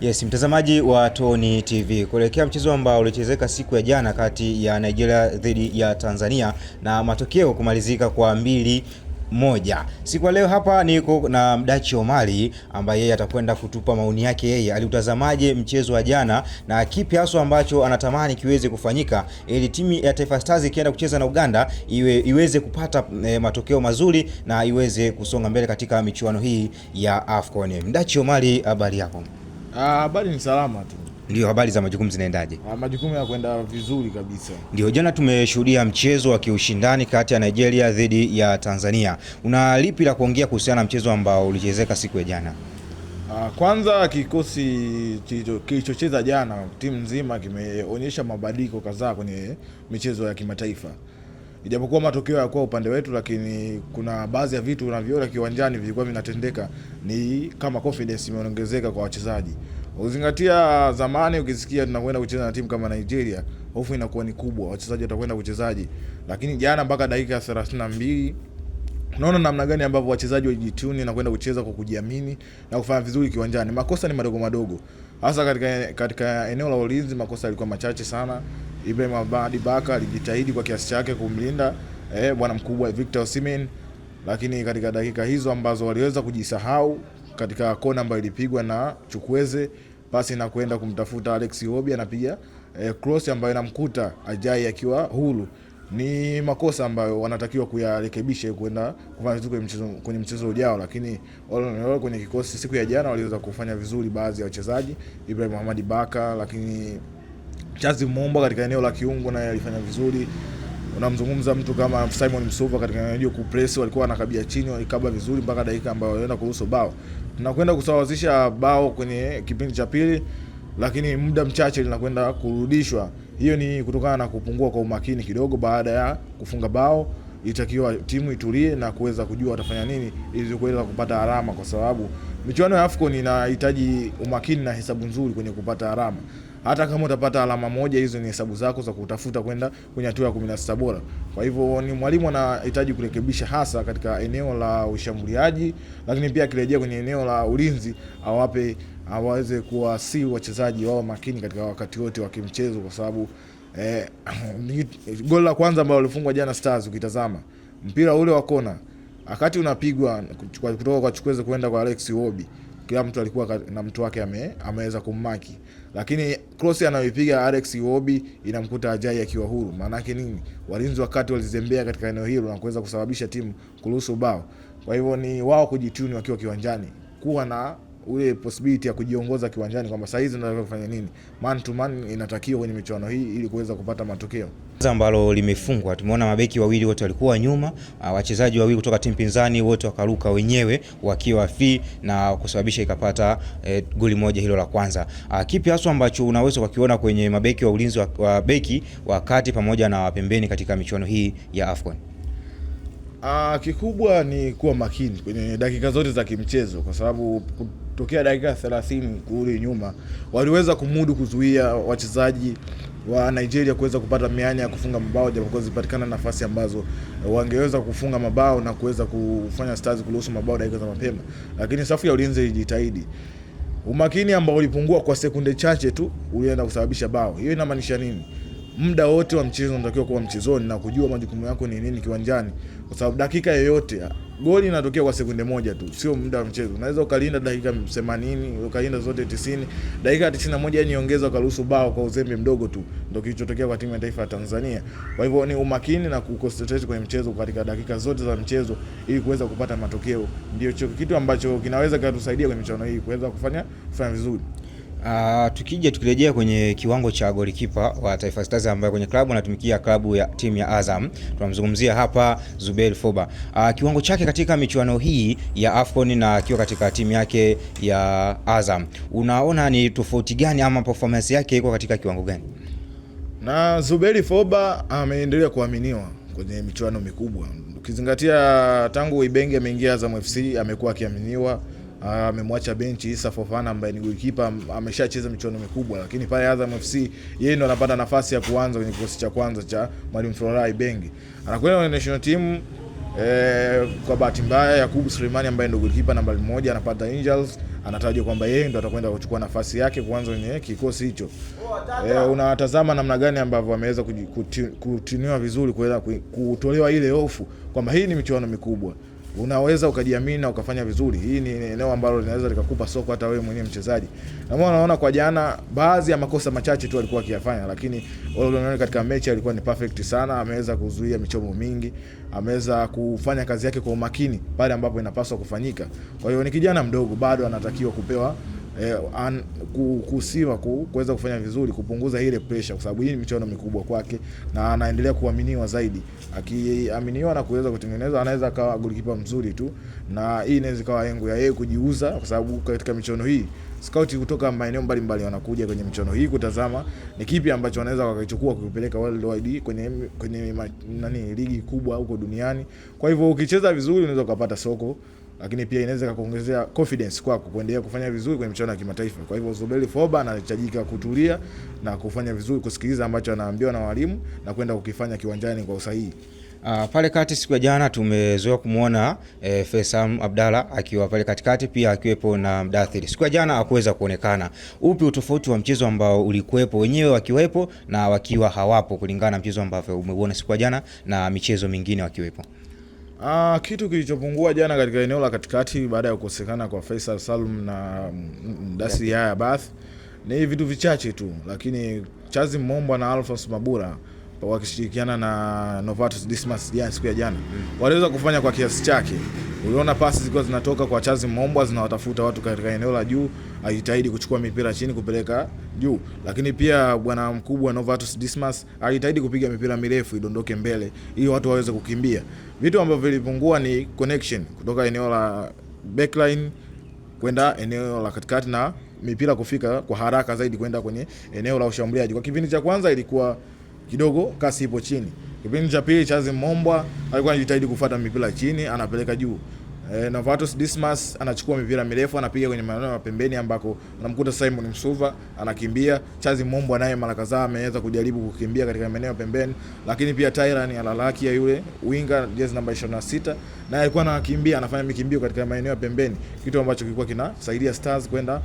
Yes, mtazamaji wa Tony TV, kuelekea mchezo ambao ulichezeka siku ya jana kati ya Nigeria dhidi ya Tanzania na matokeo kumalizika kwa mbili moja. Siku ya leo hapa niko na Mdachi Omari ambaye yeye atakwenda kutupa maoni yake, yeye aliutazamaje mchezo wa jana na kipi haswa ambacho anatamani kiweze kufanyika ili timu ya Taifa Stars ikienda kucheza na Uganda iwe, iweze kupata e, matokeo mazuri na iweze kusonga mbele katika michuano hii ya AFCON. Mdachi Omari, habari yako? Ah, habari ni salama tu. Ndio, habari za majukumu zinaendaje? Ah, majukumu ya kwenda vizuri kabisa. Ndio, jana tumeshuhudia mchezo wa kiushindani kati ya Nigeria dhidi ya Tanzania. Una lipi la kuongea kuhusiana na mchezo ambao ulichezeka siku ya jana? Ah, kwanza kikosi kilichocheza jana, timu nzima kimeonyesha mabadiliko kadhaa kwenye michezo ya kimataifa ijapokuwa matokeo yakuwa upande wetu, lakini kuna baadhi ya vitu unavyoona kiwanjani vilikuwa vinatendeka, ni kama confidence imeongezeka kwa wachezaji. Ukizingatia zamani, ukisikia tunakwenda kucheza na timu kama Nigeria, hofu inakuwa ni kubwa, wachezaji watakwenda kuchezaji. Lakini jana mpaka dakika ya 32 unaona namna gani ambavyo wachezaji wajitune na kwenda kucheza kwa kujiamini na kufanya vizuri kiwanjani. Makosa ni madogo madogo, hasa katika, katika eneo la ulinzi makosa yalikuwa machache sana. Ibrahim Abadi Baka alijitahidi kwa kiasi chake kumlinda eh, bwana mkubwa Victor Osimhen, lakini katika dakika hizo ambazo waliweza kujisahau katika kona ambayo ilipigwa na Chukwueze, pasi na kwenda kumtafuta Alex Iwobi anapiga eh, cross ambayo inamkuta Ajai akiwa huru. Ni makosa ambayo wanatakiwa kuyarekebisha kwenda kufanya vizuri kwenye mchezo, kwenye mchezo ujao, lakini wale kwenye kikosi siku ya jana waliweza kufanya vizuri baadhi ya wachezaji Ibrahim Ahmadi Baka, lakini Chazi Mumba katika eneo la kiungo naye alifanya vizuri. Unamzungumza mtu kama Simon Msuva katika eneo hilo kupress, walikuwa wanakabia chini, walikaba vizuri mpaka dakika ambayo walienda kuruhusu bao. Tunakwenda kusawazisha bao kwenye kipindi cha pili, lakini muda mchache linakwenda kurudishwa. Hiyo ni kutokana na kupungua kwa umakini kidogo baada ya kufunga bao ilitakiwa timu itulie na kuweza kujua watafanya nini ili kuweza kupata alama, kwa sababu michuano ya AFCON inahitaji umakini na hesabu nzuri kwenye kupata alama. Hata kama utapata alama moja, hizo ni hesabu zako za kutafuta kwenda kwenye hatua ya 16 bora. Kwa hivyo ni mwalimu anahitaji kurekebisha hasa katika eneo la ushambuliaji, lakini pia akirejea kwenye eneo la ulinzi awape aweze kuwasi wachezaji wao makini katika wakati wote wa kimchezo kwa sababu eh, goli la kwanza ambalo walifungwa jana Stars, ukitazama mpira ule wa kona wakati unapigwa kutoka kwa Chukwueze kwenda kwa Alex Iwobi, kila mtu alikuwa na mtu wake ame, ameweza kummaki, lakini cross anayoipiga Alex Iwobi inamkuta Ajai akiwa huru. Maana yake nini? Walinzi wakati walizembea katika eneo hilo na kuweza kusababisha timu kuruhusu bao. Kwa hivyo ni wao kujituni wakiwa kiwanjani kuwa na ule possibility ya kujiongoza kiwanjani kwamba saa hizi unaweza kufanya nini, man to man inatakiwa kwenye michuano hii ili kuweza kupata matokeo ambalo limefungwa. Tumeona mabeki wawili wote walikuwa nyuma, ah, wachezaji wawili kutoka timu pinzani wote wakaruka wenyewe wakiwa fi na kusababisha ikapata e, goli moja hilo la kwanza. A, ah, kipi hasa ambacho unaweza kukiona kwenye mabeki wa ulinzi wa, beki wa kati pamoja na wapembeni katika michuano hii ya AFCON? Aa, ah, kikubwa ni kuwa makini kwenye dakika zote za kimchezo kwa sababu tokea dakika 30 kule nyuma waliweza kumudu kuzuia wachezaji wa Nigeria kuweza kupata mianya ya kufunga mabao, japokuwa zilipatikana nafasi ambazo wangeweza kufunga mabao na kuweza kufanya Stars kuruhusu mabao dakika za mapema, lakini safu ya ulinzi ilijitahidi. Umakini ambao ulipungua kwa sekunde chache tu ulienda kusababisha bao. Hiyo inamaanisha nini? Muda wote wa mchezo unatakiwa kuwa mchezoni na kujua majukumu yako ni nini kiwanjani, kwa sababu dakika yoyote goli inatokea kwa sekunde moja tu, sio muda wa mchezo. Unaweza ukalinda dakika 80, ukalinda zote 90, dakika 91 yani ongeza ukaruhusu bao kwa uzembe mdogo tu. Ndio kilichotokea kwa timu ya taifa ya Tanzania. Kwa hivyo ni umakini na kuconcentrate kwenye mchezo katika dakika zote za mchezo ili kuweza kupata matokeo, ndio kitu ambacho kinaweza kutusaidia kwenye michuano hii kuweza kufanya kufanya vizuri. Uh, tukija tukirejea kwenye kiwango cha golikipa wa Taifa Stars ambaye kwenye klabu anatumikia klabu ya timu ya Azam, tunamzungumzia hapa Zuberi Foba. Uh, kiwango chake katika michuano hii ya Afcon na akiwa katika timu yake ya Azam, unaona ni tofauti gani ama performance yake iko katika kiwango gani? Na Zuberi Foba ameendelea kuaminiwa kwenye michuano mikubwa, ukizingatia tangu Ibenge ameingia Azam FC amekuwa akiaminiwa Ah, amemwacha benchi Issa Fofana ambaye ni goalkeeper ameshacheza michuano mikubwa, lakini pale Azam FC yeye ndo anapata nafasi ya kuanza kwenye kikosi cha kwanza cha Mwalimu Florai Bengi, anakwenda kwenye national team. e, kwa bahati mbaya Yakubu Suleimani ambaye ndo goalkeeper namba moja anapata injuries, anatajwa kwamba yeye ndo atakwenda kuchukua nafasi yake kuanza kwenye kikosi hicho. E, eh, unawatazama namna gani ambavyo wameweza kutinua vizuri kuweza kutolewa ile hofu kwamba hii ni michuano mikubwa unaweza ukajiamini na ukafanya vizuri. Hii ni eneo ambalo linaweza likakupa soko hata wewe mwenyewe mchezaji. Na mbona unaona kwa jana, baadhi ya makosa machache tu alikuwa akiyafanya, lakini Ole katika mechi alikuwa ni perfect sana, ameweza kuzuia michomo mingi, ameweza kufanya kazi yake kwa umakini pale ambapo inapaswa kufanyika. Kwa hiyo ni kijana mdogo bado anatakiwa kupewa eh, an, kusima ku, kuweza kufanya vizuri, kupunguza ile pressure, kwa sababu hii ni michuano mikubwa kwake na anaendelea kuaminiwa zaidi. Akiaminiwa na kuweza kutengeneza, anaweza akawa golikipa mzuri tu, na hii inaweza ikawa yengo ya yeye kujiuza, kwa sababu katika michuano hii scout kutoka maeneo mbalimbali wanakuja kwenye michuano hii kutazama ni kipi ambacho wanaweza wakichukua kukipeleka worldwide kwenye, kwenye nani ligi kubwa huko duniani. Kwa hivyo ukicheza vizuri unaweza ukapata soko lakini pia inaweza kukuongezea confidence kwako kuendelea kufanya vizuri kwenye michuano ya kimataifa. Kwa hivyo Zuberi Foba anahitajika kutulia na kufanya vizuri, kusikiliza ambacho anaambiwa na walimu na kwenda kukifanya kiwanjani kwa usahihi. Uh, pale kati siku ya jana tumezoea kumwona eh, Faisal Abdalla akiwa pale katikati pia akiwepo na Mdathiri. Siku ya jana hakuweza kuonekana. Upi utofauti wa mchezo ambao ulikuwepo wenyewe wakiwepo na wakiwa hawapo kulingana na mchezo ambao umeuona siku ya jana na michezo mingine wakiwepo? Ah, kitu kilichopungua jana katika eneo la katikati baada ya kukosekana kwa Faisal Salum na Mdasi Yaya Bath ni vitu vichache tu, lakini Chazi mombwa na Alphonce Mabura wakishirikiana na Novatus Dismas jana siku ya jana mm. waliweza kufanya kwa kiasi chake. Uliona pasi zilikuwa zinatoka kwa Chazi Mombwa zinawatafuta watu katika eneo la juu, ajitahidi kuchukua mipira chini kupeleka juu, lakini pia bwana mkubwa Novatus Dismas alitahidi kupiga mipira mirefu idondoke mbele ili watu waweze kukimbia. Vitu ambavyo vilipungua ni connection kutoka eneo la backline kwenda eneo la katikati na mipira kufika kwa haraka zaidi kwenda kwenye eneo la ushambuliaji. Kwa kipindi cha kwanza ilikuwa kidogo kasi ipo chini. Kipindi cha pili Chazi Mombwa alikuwa anajitahidi kufuata mipira chini, anapeleka juu. E, Novatus Dismas anachukua mipira mirefu anapiga kwenye maeneo ya pembeni ambako anamkuta Simon Msuva anakimbia. Chazi Mombwa naye mara kadhaa ameweza kujaribu kukimbia katika maeneo pembeni, lakini pia Tyrani alalaki ya yule winga jezi namba 26 naye alikuwa anakimbia, anafanya mikimbio katika maeneo ya pembeni, kitu ambacho kilikuwa kinasaidia Stars kwenda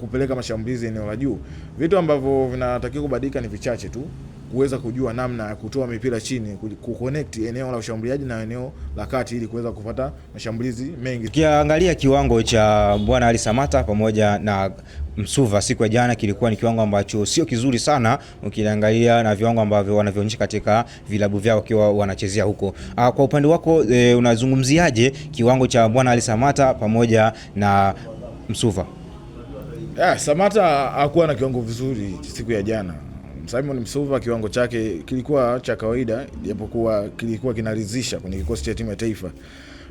kupeleka mashambulizi eneo la juu. Vitu ambavyo vinatakiwa kubadilika ni vichache tu kuweza kujua namna ya kutoa mipira chini, kuconnect eneo la ushambuliaji na eneo la kati ili kuweza kupata mashambulizi mengi. tukiangalia kiwango cha Bwana Ali Samata pamoja na Msuva siku ya jana kilikuwa ni kiwango ambacho sio kizuri sana ukiangalia na viwango ambavyo wanavyoonyesha katika vilabu vyao wakiwa wanachezea huko. Ah, kwa upande wako e, unazungumziaje kiwango cha Bwana Ali Samata pamoja na Msuva? Yeah, Samata hakuwa na kiwango vizuri siku ya jana. Simon Msuva kiwango chake kilikuwa cha kawaida, japokuwa kilikuwa kinaridhisha kwenye kikosi cha timu ya taifa.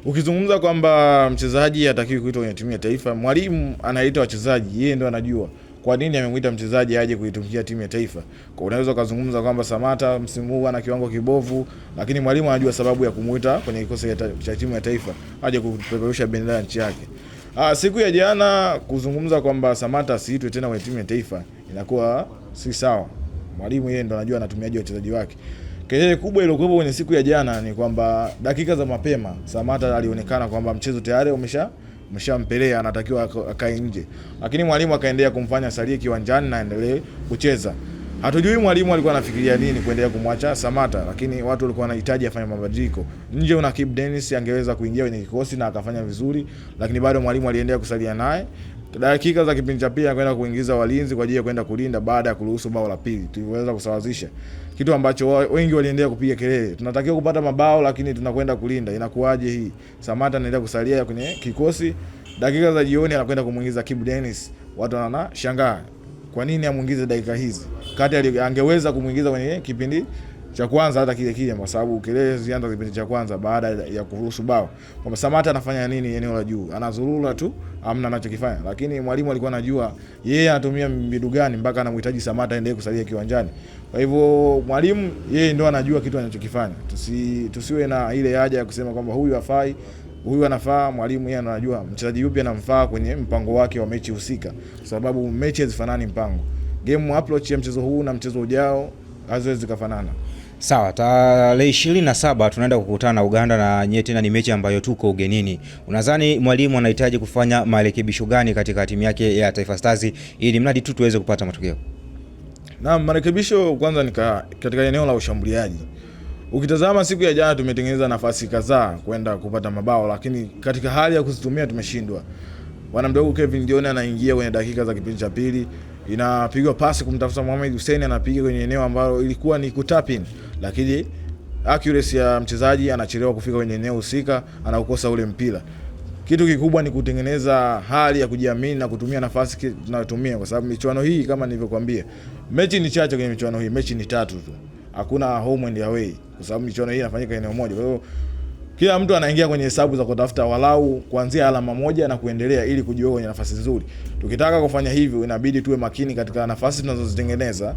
Ukizungumza kwamba mchezaji hatakiwi kuitwa kwenye timu ya taifa, mwalimu anaita wachezaji, yeye ndo anajua kwa nini amemwita mchezaji aje kuitumikia timu ya taifa. Kwa unaweza ukazungumza kwamba Samata msimu huu ana kiwango kibovu, lakini mwalimu anajua sababu ya kumuita kwenye kikosi cha timu ya taifa aje kupeperusha bendera ya nchi yake. Ah, siku ya jana kuzungumza kwamba Samata asiitwe tena kwenye timu ya taifa inakuwa si sawa mwalimu yeye ndo anajua anatumiaje wachezaji wake. Kelele kubwa iliyokuwepo kwenye siku ya jana ni kwamba dakika za mapema Samata alionekana kwamba mchezo tayari umesha mshampelea anatakiwa akae nje, lakini mwalimu akaendelea kumfanya salie kiwanjani na aendelee kucheza. Hatujui mwalimu alikuwa anafikiria nini kuendelea kumwacha Samata, lakini watu walikuwa wanahitaji afanye mabadiliko. Nje una Kip Dennis angeweza kuingia kwenye kikosi na akafanya vizuri, lakini bado mwalimu aliendelea kusalia naye dakika za kipindi cha pili kwenda kuingiza walinzi kwa ajili ya kwenda kulinda baada ya kuruhusu bao la pili. Tuliweza kusawazisha kitu ambacho wengi waliendelea kupiga kelele, tunatakiwa kupata mabao lakini tunakwenda kulinda, inakuwaje hii? Samata anaendelea kusalia kwenye kikosi. Dakika za jioni anakwenda kumuingiza Kibu Dennis, watu shangaa, kwa nini amuingize dakika hizi, kati angeweza kumuingiza kwenye kipindi cha kwanza hata kile kile, kwa sababu kelele zilianza kipindi cha kwanza baada ya kuruhusu bao, kwamba Samata anafanya nini eneo la juu, anazurura tu, amna anachokifanya. Lakini mwalimu alikuwa anajua yeye anatumia mbinu gani mpaka anamhitaji Samata aendelee kusalia kiwanjani. Kwa hivyo mwalimu yeye ndo anajua kitu anachokifanya. Tusi, tusiwe na ile haja ya kusema kwamba huyu hafai huyu anafaa. Mwalimu yeye anajua mchezaji yupi anamfaa kwenye mpango wake wa mechi husika, sababu mechi hazifanani mpango. Game approach ya mchezo huu na mchezo ujao haziwezi kufanana. Sawa, tarehe ishirini na saba tunaenda kukutana na Uganda na nyewe tena ni mechi ambayo tuko ugenini. Unadhani mwalimu anahitaji kufanya marekebisho gani katika timu yake ya Taifa Stars ili mradi tu tuweze kupata matokeo? Naam, marekebisho kwanza ni katika eneo la ushambuliaji. Ukitazama siku ya jana tumetengeneza nafasi kadhaa kwenda kupata mabao, lakini katika hali ya kuzitumia tumeshindwa. Bwana mdogo Kevin Dione anaingia kwenye dakika za kipindi cha pili inapigwa pasi kumtafuta Mohamed Hussein, anapiga kwenye eneo ambalo ilikuwa ni kutapin, lakini accuracy ya mchezaji anachelewa kufika kwenye eneo husika, anaukosa ule mpira. Kitu kikubwa ni kutengeneza hali ya kujiamini na kutumia nafasi tunayotumia, kwa sababu michuano hii kama nilivyokuambia, mechi ni chache kwenye michuano hii, mechi ni tatu tu, hakuna home and away, kwa sababu michuano hii inafanyika eneo moja, kwa hiyo kila mtu anaingia kwenye hesabu za kutafuta walau kuanzia alama moja na kuendelea ili kujiweka kwenye nafasi nzuri. Tukitaka kufanya hivyo, inabidi tuwe makini katika nafasi tunazozitengeneza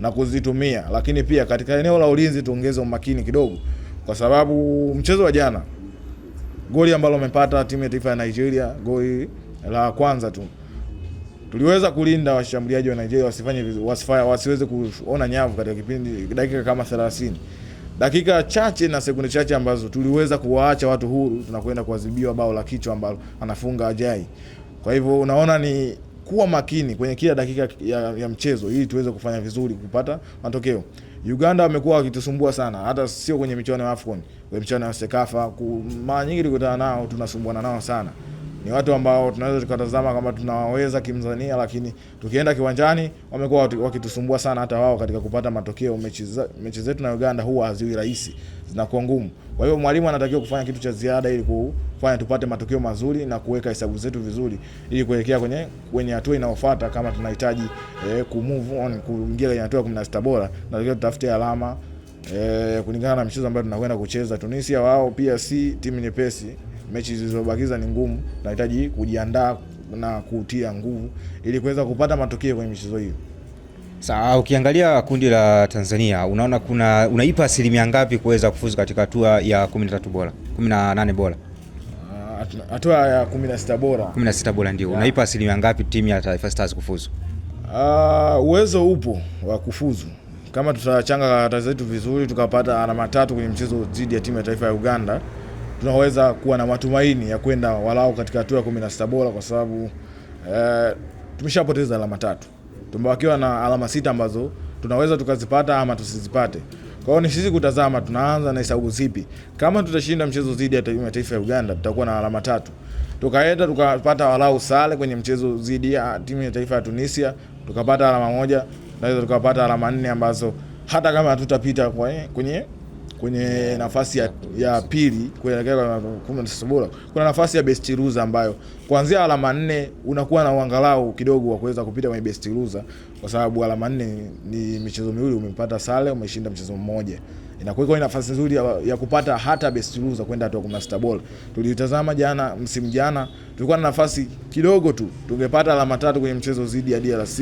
na kuzitumia, lakini pia katika eneo la ulinzi tuongeze umakini kidogo, kwa sababu mchezo wa jana, goli ambalo amepata timu ya taifa ya Nigeria, goli la kwanza tu tuliweza kulinda washambuliaji wa Nigeria wasifanye wasifaya wasiweze kuona nyavu katika kipindi dakika kama 30 dakika chache na sekunde chache ambazo tuliweza kuwaacha watu huru, tunakwenda kuadhibiwa bao la kichwa ambalo anafunga Ajai. Kwa hivyo unaona ni kuwa makini kwenye kila dakika ya, ya mchezo ili tuweze kufanya vizuri kupata matokeo. Uganda wamekuwa wakitusumbua sana, hata sio kwenye michuano ya AFCON, kwenye michuano ya Sekafa, mara nyingi tulikutana nao tunasumbuana nao sana ni watu ambao tunaweza tukatazama kama tunaweza kimzania, lakini tukienda kiwanjani wamekuwa wakitusumbua sana hata wao katika kupata matokeo. Mechi zetu na Uganda huwa haziwi rahisi, zinakuwa ngumu. Kwa hiyo mwalimu anatakiwa kufanya kitu cha ziada ili kufanya tupate matokeo mazuri na kuweka hesabu zetu vizuri ili kuelekea kwenye kwenye hatua inayofuata. Kama tunahitaji eh, ku move on kuingia kwenye hatua ya 16 bora, tunatakiwa tutafute alama eh, kulingana na michezo ambayo tunakwenda kucheza. Tunisia wao pia si timu nyepesi mechi zilizobakiza ni ngumu, nahitaji kujiandaa na kutia nguvu ili kuweza kupata matokeo kwenye michezo hiyo. Sawa, ukiangalia kundi la Tanzania unaona kuna unaipa asilimia ngapi kuweza kufuzu katika hatua ya 13 bora 18 bora ah, hatua ya 16 bora 16 bora ndio unaipa asilimia ngapi timu ya Taifa Stars kufuzu? Uh, uwezo upo wa kufuzu kama tutachanga karatasi zetu vizuri tukapata alama tatu kwenye mchezo dhidi ya timu ya taifa ya Uganda tunaweza kuwa na matumaini ya kwenda walau katika hatua ya 16 bora kwa sababu eh, tumeshapoteza alama tatu, tumebakiwa na alama sita ambazo tunaweza tukazipata ama tusizipate. Kwa hiyo ni sisi kutazama tunaanza na hesabu zipi. Kama tutashinda mchezo dhidi ya timu ya taifa ya Uganda tutakuwa na alama tatu, tukaenda tukapata walau sare kwenye mchezo dhidi ya timu ya taifa ya Tunisia tukapata alama moja, tunaweza tukapata alama nne ambazo hata kama hatutapita eh, kwenye kwenye nafasi ya, ya pili kuelekea kwa bora, kuna nafasi ya best loser ambayo kuanzia alama nne unakuwa na uangalau kidogo wa kuweza kupita kwenye best loser, kwa sababu alama nne ni michezo miwili, umepata sare, umeshinda mchezo mmoja inakuweka nafasi nzuri ya, ya kupata hata best loser kwenda hatua kwa 16 Ball. Tulitazama jana, msimu jana tulikuwa na nafasi kidogo tu, tungepata alama tatu kwenye mchezo zidi ya DRC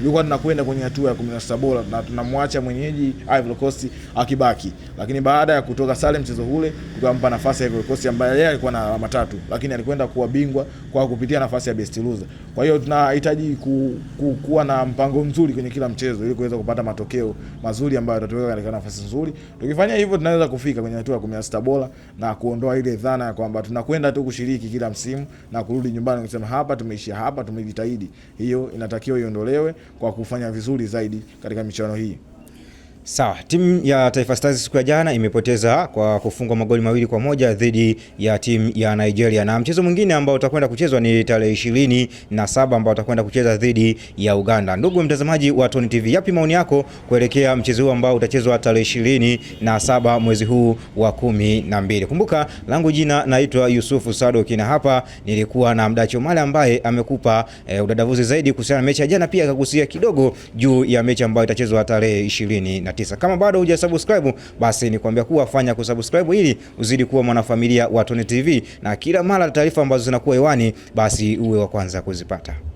ilikuwa tunakwenda kwenye hatua ya 16 bora na tunamwacha mwenyeji Ivory Coast akibaki, lakini baada ya kutoka sare mchezo ule tukampa nafasi ya Ivory Coast ambaye yeye alikuwa na alama tatu, lakini alikwenda kuwa bingwa kwa kupitia nafasi ya best loser. Kwa hiyo tunahitaji ku, ku, kuwa na mpango mzuri kwenye kila mchezo ili kuweza kupata matokeo mazuri ambayo yatatuweka katika nafasi nzuri. Tukifanya hivyo, tunaweza kufika kwenye hatua ya 16 bora na kuondoa ile dhana ya kwamba tunakwenda tu kushiriki kila msimu na kurudi nyumbani kusema hapa tumeishia hapa, tumejitahidi. Hiyo inatakiwa iondolewe kwa kufanya vizuri zaidi katika michuano hii. Sawa, timu ya Taifa Stars siku ya jana imepoteza kwa kufungwa magoli mawili kwa moja dhidi ya timu ya Nigeria, na mchezo mwingine ambao utakwenda kuchezwa ni tarehe ishirini na saba ambao utakwenda kucheza dhidi ya Uganda. Ndugu mtazamaji wa Tony TV, yapi maoni yako kuelekea mchezo huu ambao utachezwa tarehe ishirini na saba mwezi huu wa kumi na mbili? Kumbuka langu jina naitwa Yusufu Sadoki, na hapa nilikuwa na Mdacho Male ambaye amekupa e, udadavuzi zaidi kuhusiana na mechi ya jana, pia akagusia kidogo juu ya mechi ambayo itachezwa tarehe ishirini na tisa. Kama bado hujasubscribe, basi ni kuambia kuwa fanya kusubscribe ili uzidi kuwa mwanafamilia wa Tony TV, na kila mara taarifa ambazo zinakuwa hewani, basi uwe wa kwanza kuzipata.